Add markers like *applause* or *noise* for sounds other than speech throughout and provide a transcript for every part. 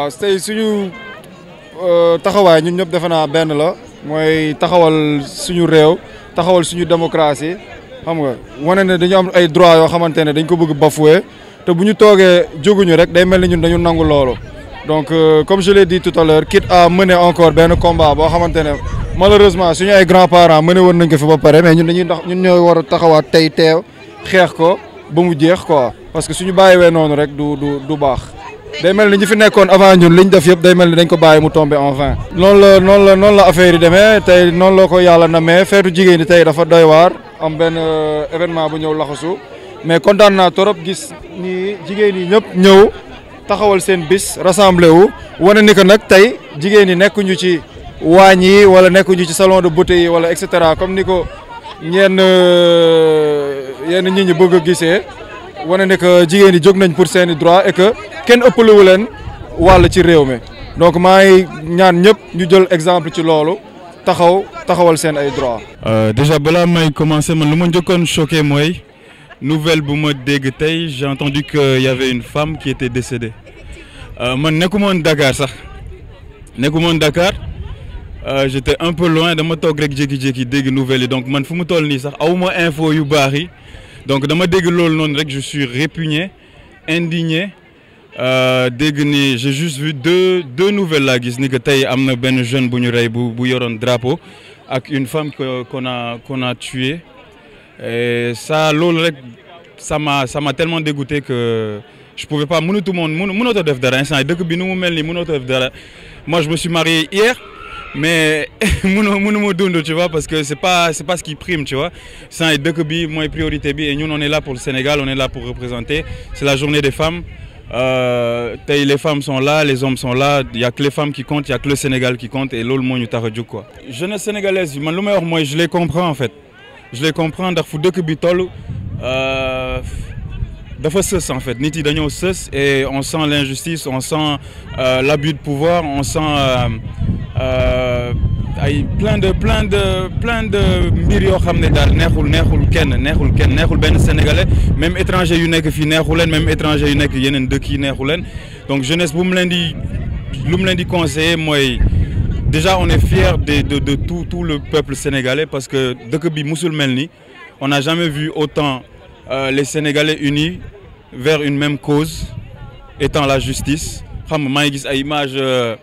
waaw tey suñu euh, taxawaay ñun ñëpp defe naa benn la mooy taxawal suñu réew taxawal suñu démocratie xam nga wane ne dañu am ay droit yoo xamante ne dañ ko bëgg bafoué te bu ñu toogee jóguñu rek day mel ni ñun dañu nangu loolu donc euh, comme je l'ai dit tout à l'heure quitte encore benn combat boo xamante ne malheureusement suñu ay grands parents mené woon nañ ko fi ba pare mais ñun dañuy tax ñun ñooy war a taxawaat tey teew xeex ko ba mu jeex ko parce que suñu bàyyiwee noonu rek du du du baax day mel ni ñu fi nekkoon avant ñun li ñu def yëpp day mel ni dañ ko bàyyi mu tombé en vain. noonu la noonu la noonu yi demee tey noonu la ko yàlla na namee feetu jigéen ñi tey dafa doy waar am benn euh, événement bu ñëw laxasu mais kontaan naa trop gis ni jigéen yi ñëpp ñëw taxawal seen bis rassemblé wu wane ni que nag tey jigéen ñi nekkuñu ci waañ yi wala nekkuñu ci salon de beauté yi wala et cetera comme ni ko ñenn euh, yenn ñi ñu bëgg a gisee wane ni que jigéen yi jóg nañ pour seeni droit et kenn ëppalewu leen wàll ci réew mi donc maa ngi ñaan ñëpp ñu jël exemple ci loolu taxaw taxawal seen ay droit euh, déjà balaa may commencé man lu ma njëkkoon choqué mooy nouvelle bu ma dégg tey j'ai entendu que y une femme qui était décédée euh, man nekkuma moon dakaar sax nekkuma woon Dakar euh, j'étais un peu loin dama toog rek jékki-jékki dégg nouvelle yi donc man fu mu toll nii sax awuma info yu baax yi donc dama dégg loolu noonu rek je suis répugné indigné Euh, dégg ni j'ai juste vu deux deux nouvelles laa gis ni que tey am na benn jeune bu ñu rey bu bu yoroon drapeau ak une femme que qu'on a qu'on a tuée et ça loolu rek ça m'a ça m'a tellement dégoûté que je pouvais pas mënatu moon mën mënatoo dara instant dëkk bi nu mu mel nii mënatoo def dara moi je me suis marié hier mais mënoo *laughs* mënuma dund tu vois parce que c'est pas bi mooy priorité bi et ñun on est là pour le Sénégal on est là pour représenter c'est la journée des femmes Euh, les femmes sont là, les hommes sont là, il n'y a que les femmes qui comptent, il n'y a que le Sénégal qui compte et l'autre monde est quoi. Jeunesse sénégalaise, moi je les comprends en fait. Je les comprends, parce que dëkk bi toll euh, dafa sës en fait nit yi dañoo sës et on sent l'injustice, on sent euh, l'abus de pouvoir, on sent euh, euh ay plein de plein de plein de mbir yoo xam ne daal neexul neexul kenn neexul kenn neexul benn sénégalais même étranger yu nekk fii neexu leen même étranger yu nekk yeneen dëkk yi neexu leen donc jeunesse bu mu leen di lu mu leen di conseiller mooy déjà on est fier de de de tout tout le peuple sénégalais parce que dëkk bi musul mel ni on n'a jamais vu autant euh, les sénégalais unis vers une même cause étant la justice xam nga maa ngi gis ay images. Euh,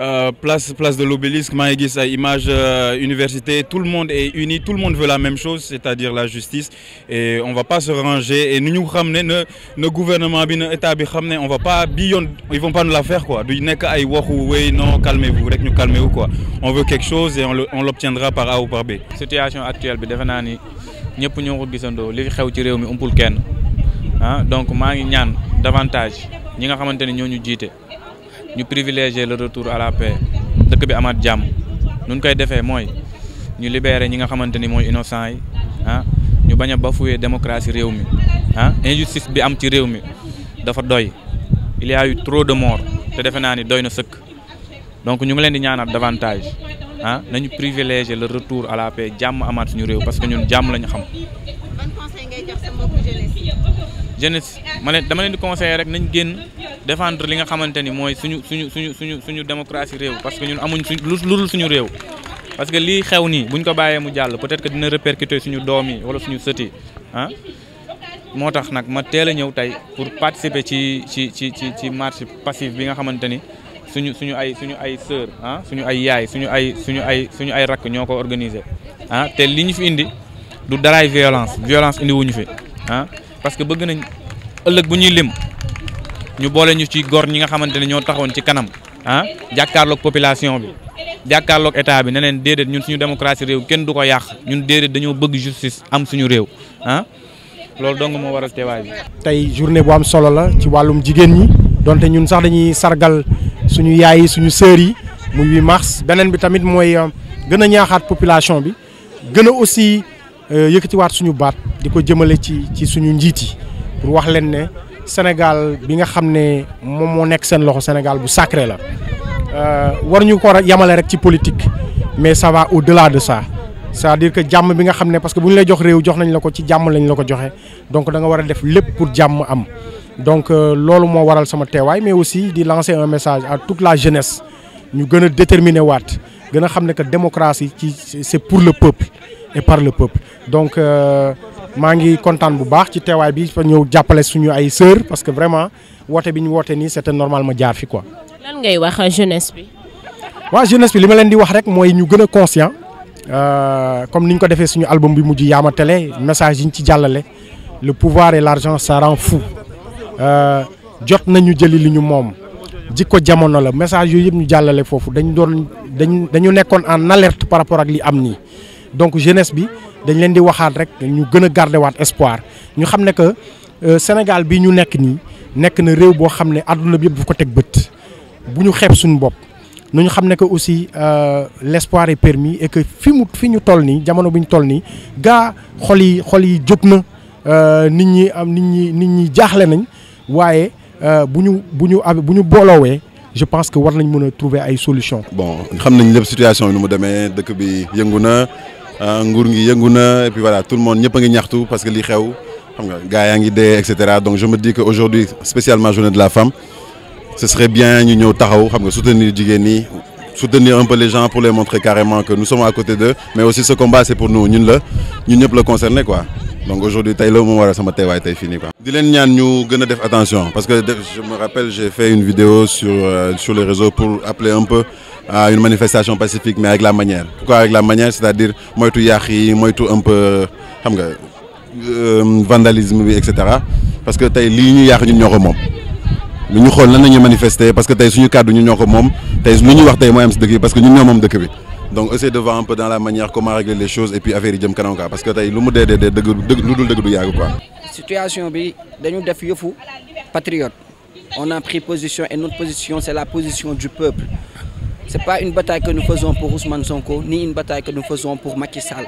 Euh, place place de l'obélisque maa ngi gis ay image euh, université tout le monde est uni tout le monde veut la même chose c'est-à-dire la justice et on va pas se ranger et nu ñu xam ne na gouvernement bi na état bi xam ne on va pas bi yoon ils vont pas nous la faire du nekk ay waxu wey non calmez-vous rek ñu calmez vous quoi on veut quelque chose et on l'obtiendra par A ou par B. situation actuelle bi defe naa ni ñëpp ñoo ko gisandoo li fi xew ci réew mi umpul kenn ah donc maa ngi ñaan davantage ñi nga xamante ni ñoo ñu jiite. ñu privilégier la retour à la paix dëkk bi amaat jàmm nun koy defee mooy ñu libérer ñi nga xamante ni mooy innocent yi ah ñu bañ a bafouer démocratie réew mi ah injustice bi am ci réew mi dafa doy il y trop de morts te defe naa ni doy na sëkk donc ñu ngi leen di ñaanaat davantage ah nañu privilégier le retour à la paix jàmm amaat suñu réew parce que ñun jàmm la ñu xam ngay jox sa ma ne dama leen di conseiller rek nañ génn défendre li nga xamante ni mooy suñu suñu suñu suñu suñu démocratie réew parce que ñun amuñ suñ lu dul suñu réew. parce que lii xew nii buñ ko bàyyee mu jàll peut-être que dina répercuter suñu doom yi wala suñu sët yi ah. moo tax nag ma teel a ñëw tey pour participer ci ci ci ci ci marche passive bi nga xamante ni suñu suñu ay suñu ay sœur ah suñu ay yaay suñu ay suñu ay suñu ay rakk ñoo ko organiser ah. te li ñu fi indi. du daraay violence violence indi wuñu fi ah parce que bëgg nañ ëllëg bu ñuy lim ñu boole ñu ci góor ñi nga xamante ne ñoo taxawoon ci kanam ah jàkkaarloog population bi jàkkaarloog état bi ne leen déedéet ñun suñu démocratie réew kenn du ko yàq ñun déedéet dañoo bëgg justice am suñu réew ah loolu dong moo waral teewaay bi. tey journée bu am solo la ci wàllum jigéen ñi donte ñun sax dañuy sargal suñu yaay yi suñu sœurs yi muy 8 mars beneen bi tamit mooy euh, gën a ñaaxaat population bi gën aussi. Euh, yëkkatiwaat suñu baat di ko jëmale ci ci suñu njiit yi pour wax leen ne Sénégal bi nga xam ne moom moo nekk seen loxo Sénégal bu sacré la euh, war ñu ko yamale rek ci politique mais ça va au-delà de ça c'est-à-dire que jàmm bi nga xam ne parce que bu ñu lay jox réew jox nañ la ko ci jàmm lañ la ko joxe donc danga war a def lépp pour jàmm am donc euh, loolu moo waral sama teewaay mais aussi di lancer un message à tout la jeunesse ñu gën a déterminer waat gën a xam ne que démocratie ci c'est pour le peuple et par le peuple donc euh, maa ngi kontaan bu baax ci teewaay bi fa ñëw jàppale suñu ay sœurs parce que vraiment woote bi ñu woote nii c'était normal ma jaar fi quoi. lan ngay wax bi. waaw jeunesse bi li ma leen di wax rek mooy ñu gën a conscient euh, comme ni ñu ko defee suñu album bi mujj yaama télé message yi ñu ci jàllale le pouvoir et l'argent ça rend fou euh, jot nañu jëli li ñu moom jikko jamono la message yooyu yëpp ñu jàllale foofu dañu dañ dañu nekkoon en alerte par rapport ak li am nii donc jeunesse bi dañ leen di waxaat rek ñu gën a garder waat espoir ñu xam ne que euh, Sénégal bi ñu nekk nii nekk na réew boo xam ne àdduna bi yëpp daf ko teg bët bu ñu xeeb suñu bopp nu ñu xam ne que aussi euh, l'espoir est permis et fi mu fi ñu toll nii jamono bi ñu toll nii gaa xol yi xol yi jóg na euh, nit ñi am nit ñi nit ñi jaaxle nañ waaye bu ñu bu ñu bu ñu booloowee je pense que war nañ mën a trouver ay solution bon xam nañ lépp situation yi nu mu demee dëkk bi yëngu na ah, nguur ngi yëngu na et puis voilà tout le monde ñëpp ngi ñaxtu parce que li xew xam nga gars yaa ngi dee et cetera donc je me dis que aujourd'hui spécialement journée de la femme ce serait bien ñu ñëw taxaw xam nga soutenir jigéen ñi soutenir un peu les gens pour les montrer carrément que nous sommes à côté d'eux mais aussi ce combat c'est pour nous ñun ñëpp la concerné quoi donc aujourd'hui tey la moo waral sama teewaay tey fii nii quoi. di leen ñaan ñu gën a def attention parce que je me rappelle j'ai fait une vidéo euh, sur les réseaux pour appeler un peu à une manifestation pacifique mais avec la manière pourquoi avec la manière c'est-à-dire moytu yàq yi moytu un peu xam nga euh, vandalisme bi et cetera parce que tey lii ñu yàq ñu ñoo ko moom. lu ñu xool nan la ñuy manifester parce que tey suñu kàddu ñun ñoo ko moom tey lu ñu wax tey mooy parce que ñun moom dëkk bi. donc essayer de voir un peu dans la manière comment régler les choses et puis affaire yi jëm kanam parce que tey lu mu dee dee dee lu dul dëgg du yàgg situation bi dañu def yëfu patriote on a pris position et notre position c'est la position du peuple c'est pas une bataille que nous faisons pour Ousmane Sonko ni une bataille que nous faisons pour Macky Sall.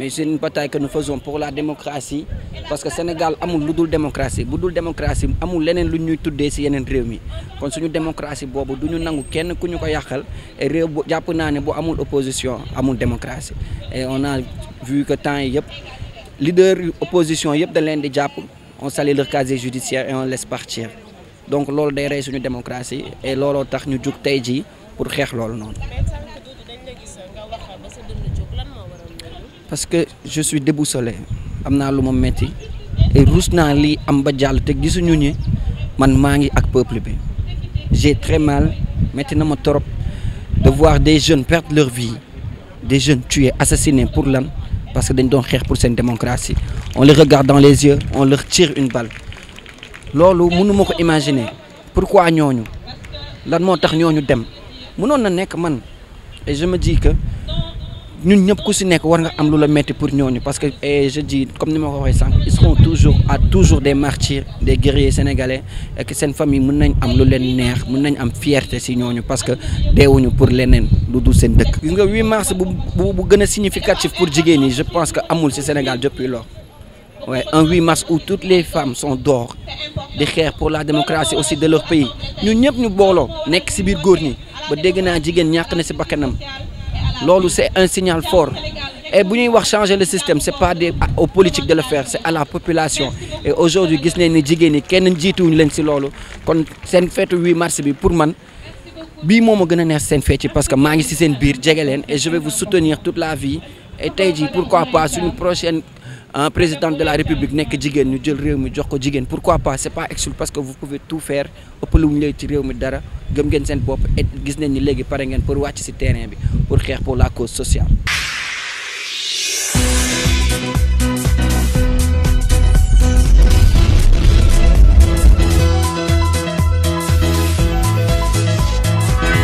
mais c'est une bataille que nous faisons pour la démocratie parce que Sénégal amul lu dul démocratie bu dul démocratie amul leneen lu ñuy tuddee ci yeneen réew mi kon suñu démocratie boobu du ñu nangu kenn ku ñu ko yàqal réew bu jàpp naa ne bu amul opposition amul démocratie et on a vu que temps yi yëpp leader opposition yëpp dañ leen di jàpp on salit leur casier judiciaire et on laisse partir donc loolu day rey suñu démocratie et looloo tax ñu jug tey jii pour xeex loolu noonu. parce que je suis déboussolé am naa lu ma metti et ruus naa lii am ba jàll te gisuñu ñi man maa ngi ak peuple bi j'ai très mal metti na ma trop de voir des jeunes perdre leur vie des jeunes tués assassinés pour lan parce que dañ doon xeex pour seen démocratie on les regarde dans les yeux on leur tire une balle loolu mënuma ma ko imaginer pourquoi ñooñu lan moo tax ñooñu dem mënoon na nekk man et je me dis que ñun ñëpp ku si nekk war nga am lu la métti pour ñooñu parce que eh, je dis comme ni ma ko waxee sànq ils seront toujours à toujours des martyrs des guerriers sénégalais et que seen famille mën nañ am lu leen neex mën nañ am fierté si ñooñu parce que deewuñu pour leneen lu dul seen dëkk. gis nga 8 mars bu bu bu gën a significatif pour jigéen ñi je pense que amul si Sénégal depuis lors waaye un 8 mars où toutes les femmes sont door di xeex pour la démocratie aussi de leur pays ñun ñëpp ñu booloo nekk si biir góor ñi ba dégg naa jigéen ñàkk na si bakkanam loolu c'est un signal fort et bu ñuy wax changer le système c'est pas des aux politiques de le faire c'est à la population et aujourd'hui gis nañ ni jigéen ñi kenn jiituwuñu leen si loolu kon seen feetu 8 mars bi pour man bii moom a gën a neex seen feet parce que maa ngi ci seen biir jegelen leen et je soutenir toute la vie et tey jii quoi pas suñu prochaine un ah, président de la république nekk jigéen ñu jël réew mi jox ko jigéen pourquoi pas c'est pas exclu parce que vous pouvez tout faire ëpp lu ñu ci réew mi dara gëm ngeen seen bopp et gis nañ ni léegi pare ngeen pour wàcc ci terrain bi pour xeex pour la cause sociale